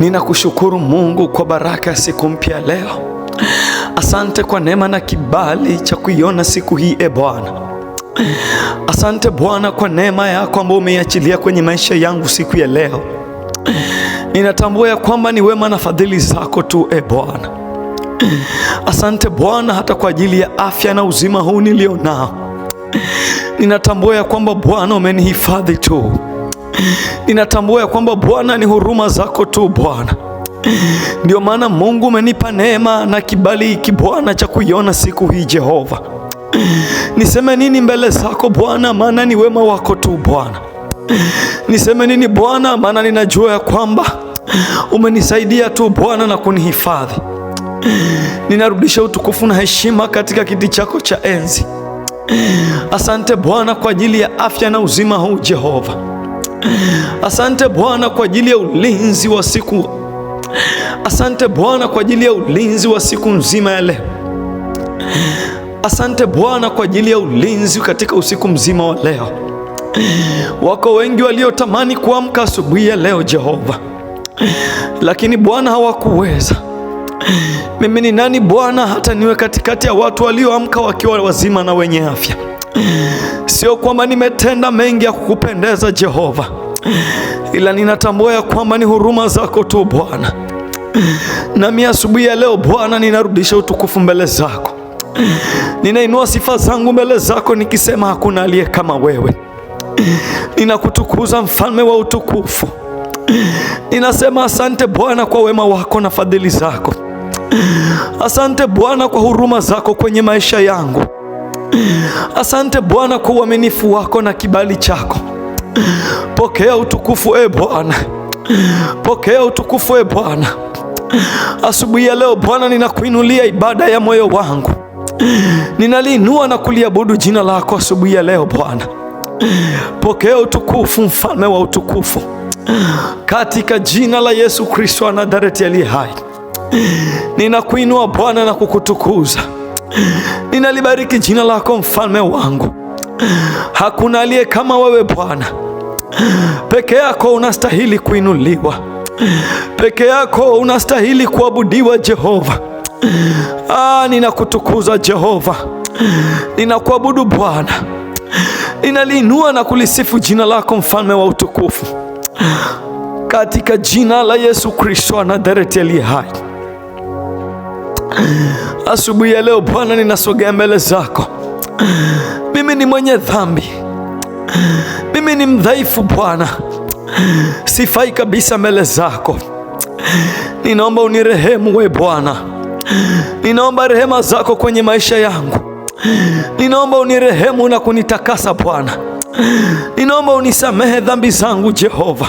Ninakushukuru Mungu kwa baraka ya siku mpya leo. Asante kwa neema na kibali cha kuiona siku hii, e Bwana. Asante Bwana kwa neema yako ambayo umeiachilia kwenye maisha yangu siku ya leo. Ninatambua ya kwamba ni wema na fadhili zako tu, e Bwana. Asante Bwana hata kwa ajili ya afya na uzima huu nilionao. Ninatambua ya kwamba Bwana umenihifadhi tu ninatambua ya kwamba Bwana ni huruma zako tu Bwana. Ndio maana Mungu umenipa neema na kibali hiki Bwana cha kuiona siku hii Jehova. Niseme nini mbele zako Bwana, maana ni wema wako tu Bwana. Niseme nini Bwana, maana ninajua ya kwamba umenisaidia tu Bwana na kunihifadhi. Ninarudisha utukufu na heshima katika kiti chako cha enzi. Asante Bwana kwa ajili ya afya na uzima huu Jehova. Asante Bwana kwa ajili ya ulinzi wa siku. Asante Bwana kwa ajili ya ulinzi wa siku nzima ya leo. Asante Bwana kwa ajili ya ulinzi katika usiku mzima wa leo. Wako wengi waliotamani kuamka asubuhi ya leo Jehova, lakini Bwana hawakuweza. Mimi ni nani Bwana hata niwe katikati ya watu walioamka wakiwa wazima na wenye afya? Sio kwamba nimetenda mengi ya kukupendeza Jehova, ila ninatambua ya kwamba ni huruma zako tu Bwana. Nami asubuhi ya leo Bwana, ninarudisha utukufu mbele zako, ninainua sifa zangu mbele zako nikisema hakuna aliye kama wewe. Ninakutukuza mfalme wa utukufu, ninasema asante Bwana kwa wema wako na fadhili zako. Asante Bwana kwa huruma zako kwenye maisha yangu. Asante Bwana kwa uaminifu wako na kibali chako. Pokea utukufu e Bwana, pokea utukufu e Bwana. Asubuhi ya leo Bwana, ninakuinulia ibada ya moyo wangu, ninaliinua na kuliabudu jina lako asubuhi ya leo Bwana. Pokea utukufu, mfalme wa utukufu, katika jina la Yesu Kristo wa Nazareti aliye hai. Ninakuinua Bwana na kukutukuza, ninalibariki jina lako mfalme wangu. Hakuna aliye kama wewe Bwana, peke yako unastahili kuinuliwa, peke yako unastahili kuabudiwa Jehova. Ah, ninakutukuza Jehova, ninakuabudu Bwana, ninaliinua na kulisifu jina lako mfalme wa utukufu, katika jina la Yesu Kristo wa Nazareti aliye hai asubuhi ya leo Bwana, ninasogea mbele zako. Mimi ni mwenye dhambi, mimi ni mdhaifu Bwana, sifai kabisa mbele zako. Ninaomba unirehemu we Bwana, ninaomba rehema zako kwenye maisha yangu. Ninaomba unirehemu na kunitakasa Bwana, ninaomba unisamehe dhambi zangu Jehova,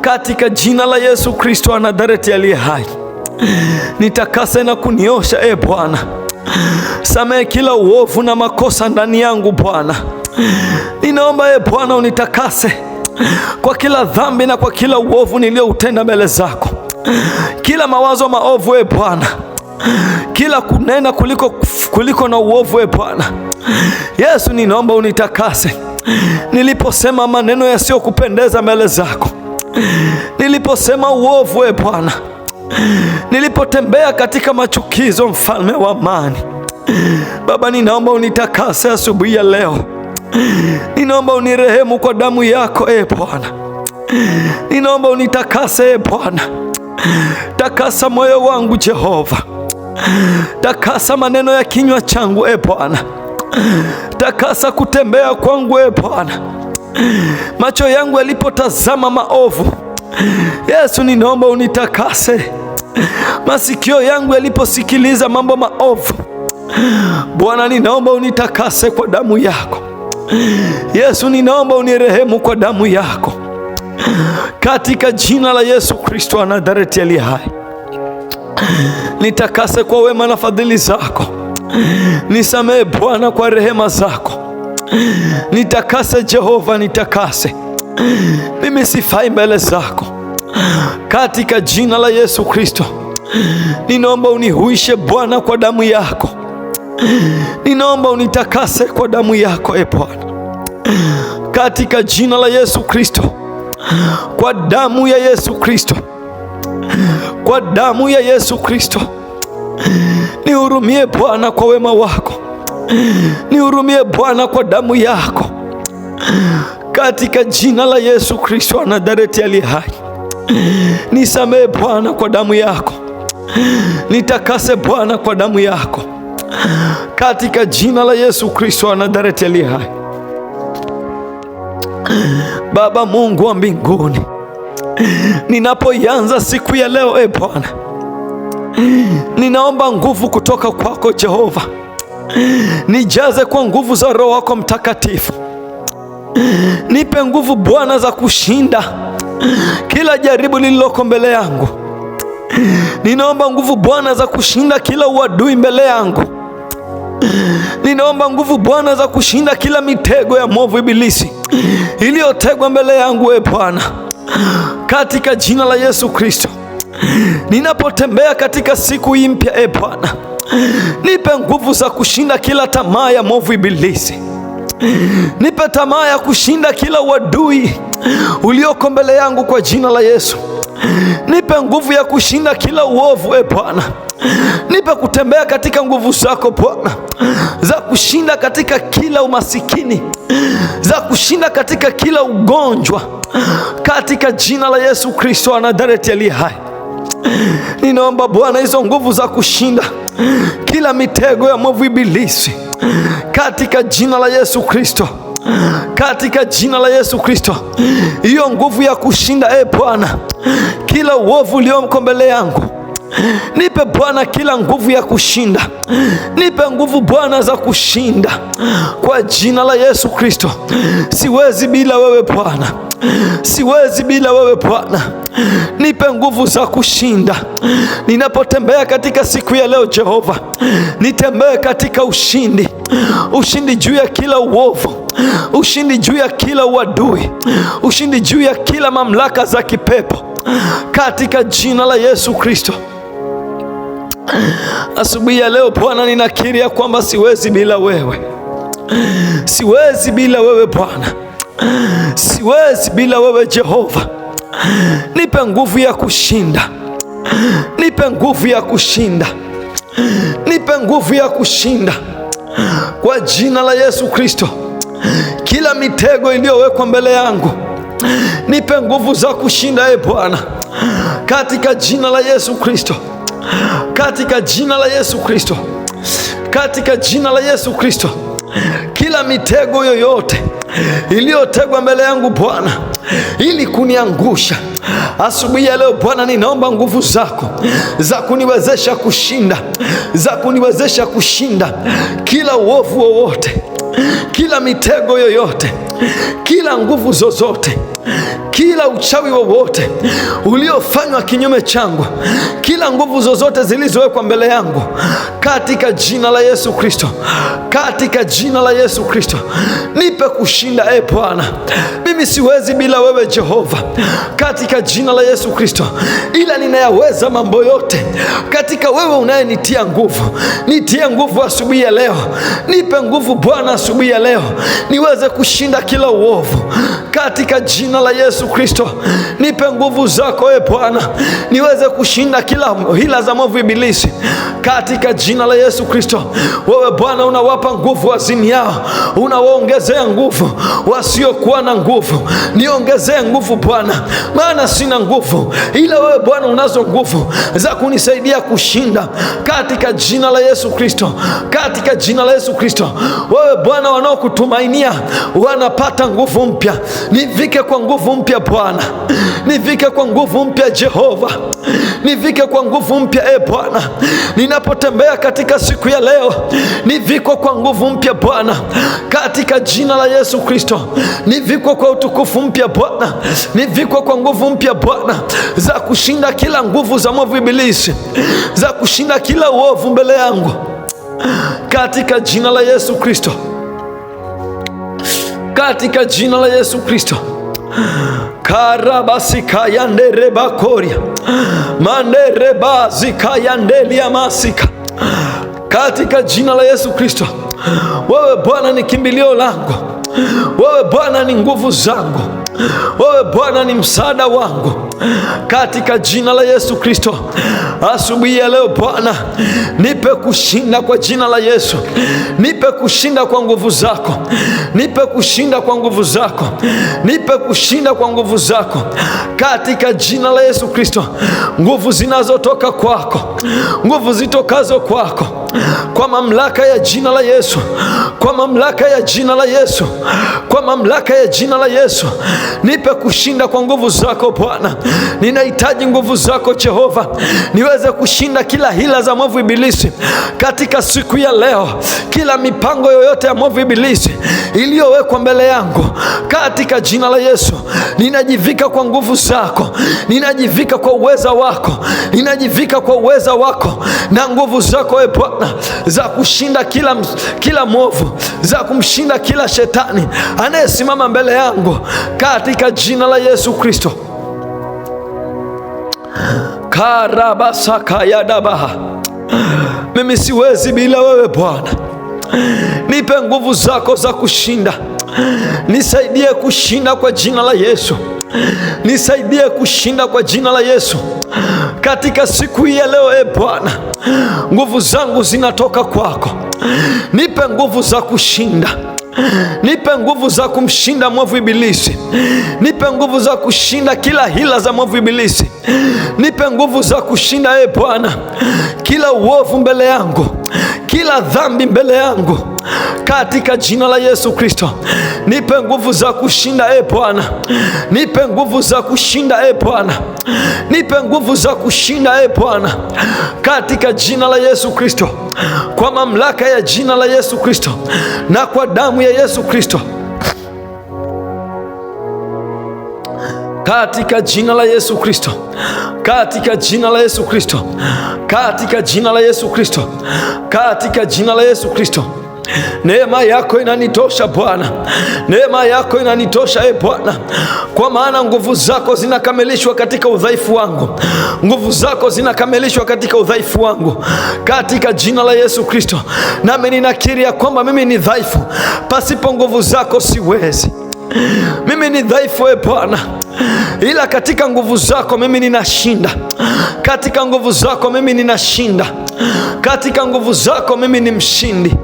katika jina la Yesu Kristo wa Nazareti aliye hai nitakase na kuniosha e Bwana, samehe kila uovu na makosa ndani yangu Bwana. Ninaomba e Bwana unitakase kwa kila dhambi na kwa kila uovu niliyoutenda mbele zako, kila mawazo maovu e Bwana, kila kunena kuliko, kuliko na uovu e Bwana Yesu, ninaomba unitakase niliposema maneno yasiyokupendeza mbele zako, niliposema uovu e Bwana nilipotembea katika machukizo, mfalme wa amani. Baba, ninaomba unitakase asubuhi ya leo, ninaomba unirehemu kwa damu yako, e Bwana, ninaomba unitakase e Bwana, takasa moyo wangu Jehova, takasa maneno ya kinywa changu e Bwana, takasa kutembea kwangu e Bwana, macho yangu yalipotazama maovu Yesu, ninaomba unitakase masikio yangu yaliposikiliza mambo maovu. Bwana, ninaomba unitakase kwa damu yako. Yesu, ninaomba unirehemu kwa damu yako, katika jina la Yesu Kristo wa Nazareti aliye hai. Nitakase kwa wema na fadhili zako, nisamehe Bwana kwa rehema zako, nitakase Jehova, nitakase mimi sifai mbele zako, katika jina la Yesu Kristo ninaomba unihuishe Bwana kwa damu yako, ninaomba unitakase kwa damu yako, e Bwana, katika jina la Yesu Kristo, kwa damu ya Yesu Kristo, kwa damu ya Yesu Kristo, nihurumie Bwana kwa wema wako, nihurumie Bwana kwa damu yako katika jina la Yesu Kristo wa Nazareti ali hai. Nisamehe Bwana kwa damu yako, nitakase Bwana kwa damu yako, katika jina la Yesu Kristo wa Nazareti ali hai. Baba Mungu wa mbinguni, ninapoianza siku ya leo, e Bwana, ninaomba nguvu kutoka kwako Jehova, nijaze kwa nguvu za Roho wako Mtakatifu. Nipe nguvu Bwana za kushinda kila jaribu lililoko mbele yangu. Ninaomba nguvu Bwana za kushinda kila uadui mbele yangu. Ninaomba nguvu Bwana za kushinda kila mitego ya mwovu ibilisi iliyotegwa mbele yangu, e Bwana, katika jina la Yesu Kristo. Ninapotembea katika siku hii mpya, e Bwana, nipe nguvu za kushinda kila tamaa ya mwovu ibilisi nipe tamaa ya kushinda kila uadui ulioko mbele yangu kwa jina la Yesu. Nipe nguvu ya kushinda kila uovu, e Bwana. Nipe kutembea katika nguvu zako Bwana, za kushinda katika kila umasikini, za kushinda katika kila ugonjwa, katika jina la Yesu Kristo wa Nazareti aliye hai. Ninaomba Bwana hizo nguvu za kushinda kila mitego ya mwovu ibilisi katika jina la Yesu Kristo, katika jina la Yesu Kristo, hiyo nguvu ya kushinda. E Bwana, kila uovu ulioko mbele yangu nipe Bwana kila nguvu ya kushinda, nipe nguvu Bwana za kushinda kwa jina la Yesu Kristo. Siwezi bila wewe Bwana siwezi bila wewe Bwana, nipe nguvu za kushinda ninapotembea katika siku ya leo. Jehova, nitembee katika ushindi, ushindi juu ya kila uovu ushindi juu ya kila uadui, ushindi juu ya kila mamlaka za kipepo katika jina la Yesu Kristo. Asubuhi ya leo Bwana, ninakiri ya kwamba siwezi bila wewe, siwezi bila wewe Bwana siwezi bila wewe Jehova. Nipe nguvu ya kushinda, nipe nguvu ya kushinda, nipe nguvu ya kushinda kwa jina la Yesu Kristo. Kila mitego iliyowekwa mbele yangu nipe nguvu za kushinda, e Bwana, katika jina la Yesu Kristo, katika jina la Yesu Kristo, katika jina la Yesu Kristo, kila mitego yoyote iliyotegwa mbele yangu Bwana ili kuniangusha asubuhi ya leo Bwana, ninaomba nguvu zako za kuniwezesha kushinda, za kuniwezesha kushinda kila uovu wowote, kila mitego yoyote, kila nguvu zozote kila uchawi wowote uliofanywa kinyume changu, kila nguvu zozote zilizowekwa mbele yangu, katika jina la Yesu Kristo, katika jina la Yesu Kristo, nipe kushinda e Bwana, mimi siwezi bila wewe Jehova, katika jina la Yesu Kristo, ila ninayaweza mambo yote katika wewe unayenitia nguvu. Nitie nguvu asubuhi ya leo, nipe nguvu Bwana asubuhi ya leo, niweze kushinda kila uovu katika jina jina la Yesu Kristo, nipe nguvu zako e Bwana, niweze kushinda kila hila za mwovu Ibilisi katika jina la Yesu Kristo. Wewe Bwana unawapa nguvu wazini yao, unawaongezea nguvu wasiokuwa na nguvu. Niongezee nguvu Bwana, maana sina nguvu, ila wewe Bwana unazo nguvu za kunisaidia kushinda katika jina la Yesu Kristo, katika jina la Yesu Kristo. Wewe Bwana, wanaokutumainia wanapata nguvu mpya, nivike kwa nguvu mpya Bwana, nivike kwa nguvu mpya Jehova, nivike kwa nguvu mpya e Bwana, ninapotembea katika siku ya leo, nivikwe kwa nguvu mpya Bwana, katika jina la Yesu Kristo, nivikwe kwa utukufu mpya Bwana, nivikwe kwa nguvu mpya Bwana, za kushinda kila nguvu za mwovu Ibilisi, za kushinda kila uovu mbele yangu, katika jina la Yesu Kristo, katika jina la Yesu Kristo karabasikyanderebakoria manderebazikayandelia-masika katika jina la Yesu Kristo. Wewe Bwana ni kimbilio langu, wewe Bwana ni nguvu zangu wewe Bwana ni msaada wangu katika jina la Yesu Kristo. Asubuhi ya leo Bwana, nipe kushinda kwa jina la Yesu, nipe kushinda kwa nguvu zako, nipe kushinda kwa nguvu zako, nipe kushinda kwa nguvu zako katika jina la Yesu Kristo, nguvu zinazotoka kwako, nguvu zitokazo kwako kwa mamlaka ya jina la Yesu, kwa mamlaka ya jina la Yesu, kwa mamlaka ya jina la Yesu. Nipe kushinda kwa nguvu zako Bwana, ninahitaji nguvu zako Jehova, niweze kushinda kila hila za mwovu ibilisi katika siku ya leo, kila mipango yoyote ya mwovu ibilisi iliyowekwa mbele yangu katika jina la Yesu. Ninajivika kwa nguvu zako, ninajivika kwa uweza wako, ninajivika kwa uweza wako na nguvu zako e Bwana. Bwana za kushinda kila, kila mwovu za kumshinda kila shetani anayesimama mbele yangu katika jina la Yesu Kristo. karabasakayadabaha mimi siwezi bila wewe Bwana, nipe nguvu zako za kushinda, nisaidie kushinda kwa jina la Yesu. Nisaidie kushinda kwa jina la Yesu katika siku hii ya leo. E Bwana, nguvu zangu zinatoka kwako. Nipe nguvu za kushinda nipe nguvu za kumshinda mwovu Ibilisi, nipe nguvu za kushinda kila hila za mwovu Ibilisi, nipe nguvu za kushinda e Bwana, kila uovu mbele yangu, kila dhambi mbele yangu katika jina la Yesu Kristo. Nipe nguvu za kushinda, e Bwana, nipe nguvu za kushinda, e Bwana, nipe nguvu za kushinda, e Bwana, katika jina la Yesu Kristo, kwa mamlaka ya jina la Yesu Kristo na kwa damu ya Yesu Kristo, katika jina la Yesu Kristo, katika jina la Yesu Kristo, katika jina la Yesu Kristo, katika jina la Yesu Kristo. Neema yako inanitosha Bwana, neema yako inanitosha e Bwana, kwa maana nguvu zako zinakamilishwa katika udhaifu wangu, nguvu zako zinakamilishwa katika udhaifu wangu, katika jina la Yesu Kristo. Nami ninakiri ya kwamba mimi ni dhaifu, pasipo nguvu zako siwezi. Mimi ni dhaifu e Bwana, ila katika nguvu zako mimi ninashinda, katika nguvu zako mimi ninashinda katika nguvu zako mimi ni mshindi,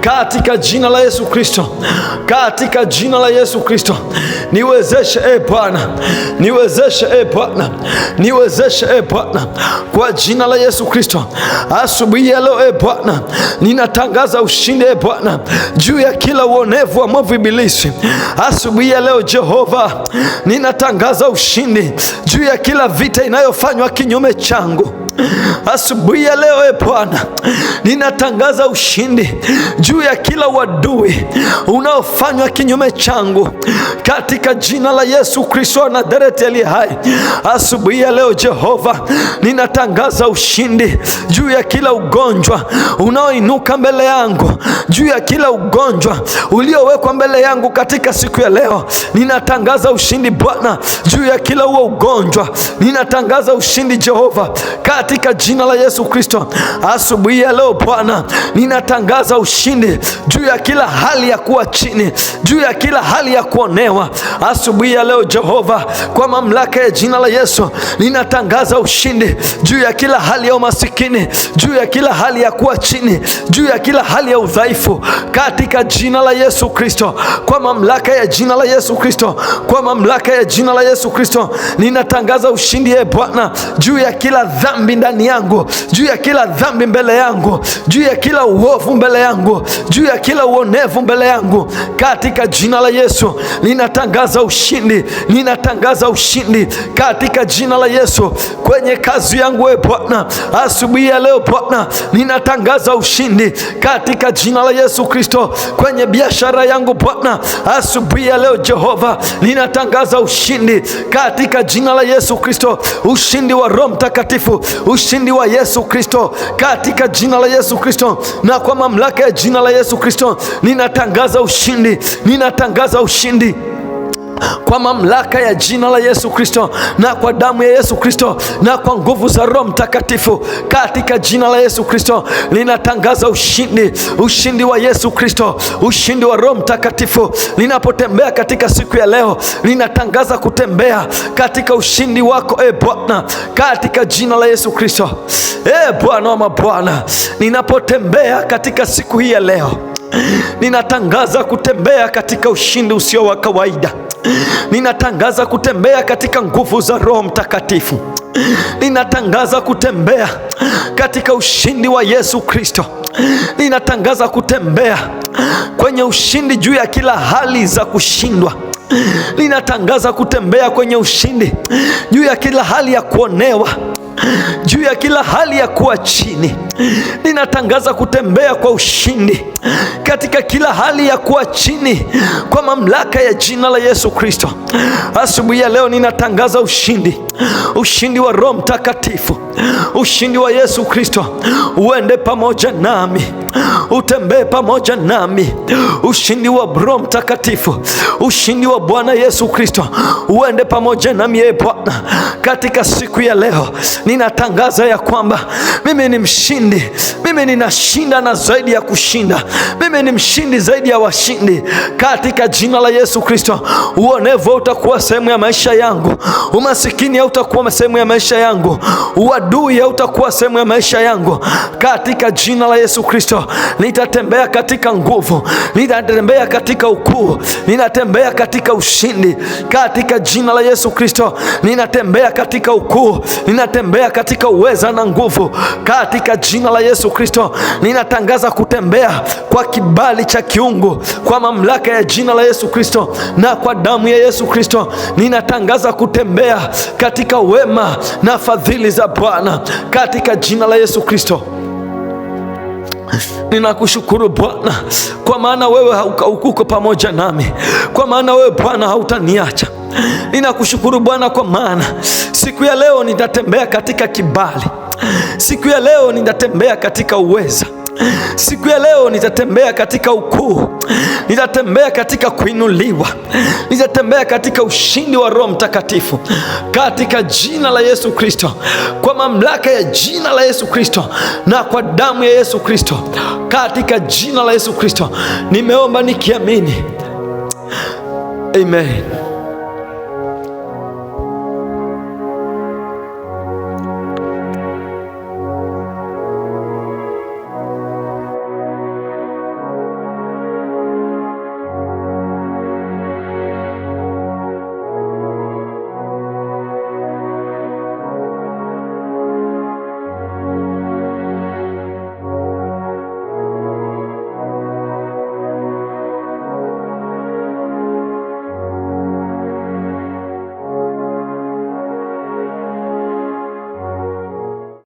katika jina la Yesu Kristo, katika jina la Yesu Kristo. Niwezeshe e Bwana, niwezeshe e Bwana, niwezeshe e Bwana, kwa jina la Yesu Kristo. Asubuhi ya leo e Bwana, ninatangaza ushindi e Bwana juu ya kila uonevu wa mwovu Ibilisi. Asubuhi ya leo Jehova, ninatangaza ushindi juu ya kila vita inayofanywa kinyume changu Asubuhi ya leo, e Bwana, ninatangaza ushindi juu ya kila wadui unaofanywa kinyume changu katika jina la Yesu Kristo wa Nazareti aliye hai. Asubuhi ya leo, Jehova, ninatangaza ushindi juu ya kila ugonjwa unaoinuka mbele yangu, juu ya kila ugonjwa uliowekwa mbele yangu katika siku ya leo. Ninatangaza ushindi Bwana juu ya kila huo ugonjwa, ninatangaza ushindi Jehova kati katika jina la Yesu Kristo. Asubuhi ya leo Bwana, ninatangaza ushindi juu ya kila hali ya kuwa chini, juu ya kila hali ya kuonewa. Asubuhi ya leo Jehova, kwa mamlaka ya jina la Yesu, ninatangaza ushindi juu ya kila hali ya umasikini, juu ya kila hali ya kuwa chini, juu ya kila hali ya udhaifu katika jina la Yesu Kristo, kwa mamlaka ya jina la Yesu Kristo, kwa mamlaka ya jina la Yesu Kristo, ninatangaza ushindi, e Bwana, juu ya kila dhambi ndani yangu, juu ya kila dhambi mbele yangu, juu ya kila uovu mbele yangu, juu ya kila uonevu mbele yangu. Katika jina la Yesu ninatangaza ushindi, ninatangaza ushindi katika jina la Yesu kwenye kazi yangu. E Bwana, asubuhi ya leo Bwana, ninatangaza ushindi katika jina la Yesu Kristo kwenye biashara yangu Bwana, asubuhi ya leo Jehova, ninatangaza ushindi katika jina la Yesu Kristo, ushindi wa Roho Mtakatifu, ushindi wa Yesu Kristo, katika jina la Yesu Kristo na kwa mamlaka ya jina la Yesu Kristo ninatangaza ushindi, ninatangaza ushindi kwa mamlaka ya jina la Yesu Kristo na kwa damu ya Yesu Kristo na kwa nguvu za Roho Mtakatifu, katika jina la Yesu Kristo linatangaza ushindi, ushindi wa Yesu Kristo, ushindi wa Roho Mtakatifu. Linapotembea katika siku ya leo, linatangaza kutembea katika ushindi wako, e Bwana, katika jina la Yesu Kristo. E Bwana wa mabwana, ninapotembea katika siku hii ya leo, ninatangaza kutembea katika ushindi usio wa kawaida. Ninatangaza kutembea katika nguvu za Roho Mtakatifu. Ninatangaza kutembea katika ushindi wa Yesu Kristo. Ninatangaza kutembea kwenye ushindi juu ya kila hali za kushindwa. Ninatangaza kutembea kwenye ushindi juu ya kila hali ya kuonewa juu ya kila hali ya kuwa chini. Ninatangaza kutembea kwa ushindi katika kila hali ya kuwa chini kwa mamlaka ya jina la Yesu Kristo. Asubuhi ya leo ninatangaza ushindi, ushindi wa Roho Mtakatifu, ushindi wa Yesu Kristo uende pamoja nami utembee pamoja nami. Ushindi wa Roho Mtakatifu, ushindi wa Bwana Yesu Kristo uende pamoja nami. Ee Bwana, katika siku ya leo ninatangaza ya kwamba mimi ni mshindi, mimi ninashinda na zaidi ya kushinda, mimi ni mshindi zaidi ya washindi, katika jina la Yesu Kristo. Uonevu hautakuwa sehemu ya maisha yangu, umasikini hautakuwa sehemu ya maisha yangu, uadui hautakuwa sehemu ya maisha yangu, katika jina la Yesu Kristo nitatembea katika nguvu, nitatembea katika ukuu, ninatembea katika ushindi katika jina la Yesu Kristo. Ninatembea katika ukuu, ninatembea katika uweza na nguvu katika jina la Yesu Kristo. Ninatangaza kutembea kwa kibali cha kiungu, kwa mamlaka ya jina la Yesu Kristo na kwa damu ya Yesu Kristo. Ninatangaza kutembea katika wema na fadhili za Bwana katika jina la Yesu Kristo. Ninakushukuru Bwana kwa maana wewe uko pamoja nami, kwa maana wewe Bwana hautaniacha. Ninakushukuru Bwana kwa maana siku ya leo nitatembea katika kibali, siku ya leo nitatembea katika uweza Siku ya leo nitatembea katika ukuu, nitatembea katika kuinuliwa, nitatembea katika ushindi wa Roho Mtakatifu katika jina la Yesu Kristo, kwa mamlaka ya jina la Yesu Kristo na kwa damu ya Yesu Kristo, katika jina la Yesu Kristo nimeomba nikiamini, amen.